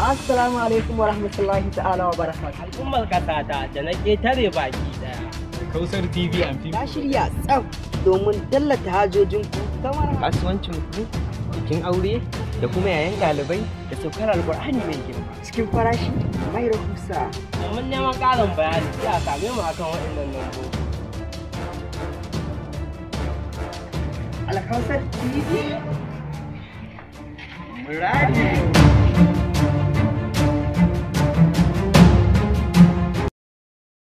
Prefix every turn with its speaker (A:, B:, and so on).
A: Assalamu alaikum wa rahmatullahi ta'ala wa barakatuh. Al'ummar
B: kasa da na ketare baki daya. Kausar TV and Film.
A: Ta shirya tsaf domin tallata
C: hajojinku kamar
D: kasuwancin ku, bikin aure da kuma yayan ɗalibai da
E: saukar alƙur'ani mai girma. Cikin farashi mai rahusa.
C: Domin neman ƙarin bayani
F: sai same mu akan waɗannan lambobi.
G: Al-Kausar TV. Muradi.